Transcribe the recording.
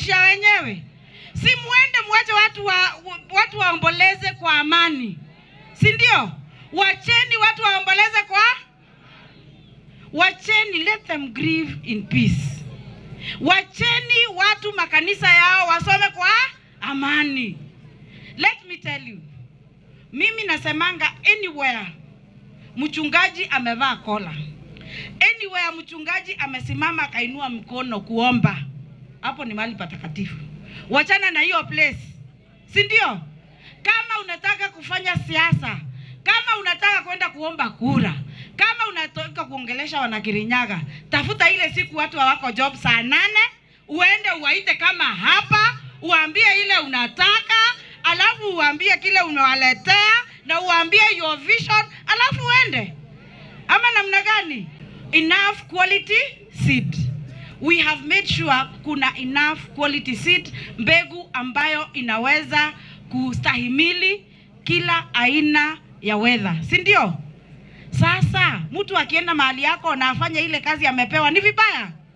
maisha wenyewe. Si muende mwache watu wa, watu waomboleze kwa amani, si ndio? Wacheni watu waomboleze kwa, wacheni let them grieve in peace. Wacheni watu makanisa yao wasome kwa amani. Let me tell you, mimi nasemanga anywhere mchungaji amevaa kola, anywhere mchungaji amesimama akainua mkono kuomba hapo ni mahali patakatifu. Wachana na hiyo place, si ndio? Kama unataka kufanya siasa, kama unataka kwenda kuomba kura, kama unataka kuongelesha Wanakirinyaga, tafuta ile siku watu hawako job saa nane, uende uwaite kama hapa, uambie ile unataka, alafu uambie kile unawaletea na uambie your vision, alafu uende. Ama namna gani? Enough quality seed we have made sure kuna enough quality seed, mbegu ambayo inaweza kustahimili kila aina ya weather, si ndio? Sasa mtu akienda mahali yako na afanye ile kazi amepewa, ni vibaya.